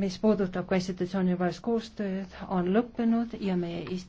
mis puudutab konstitutsiooni vahelist koostööd, on lõppenud ja meie ist-.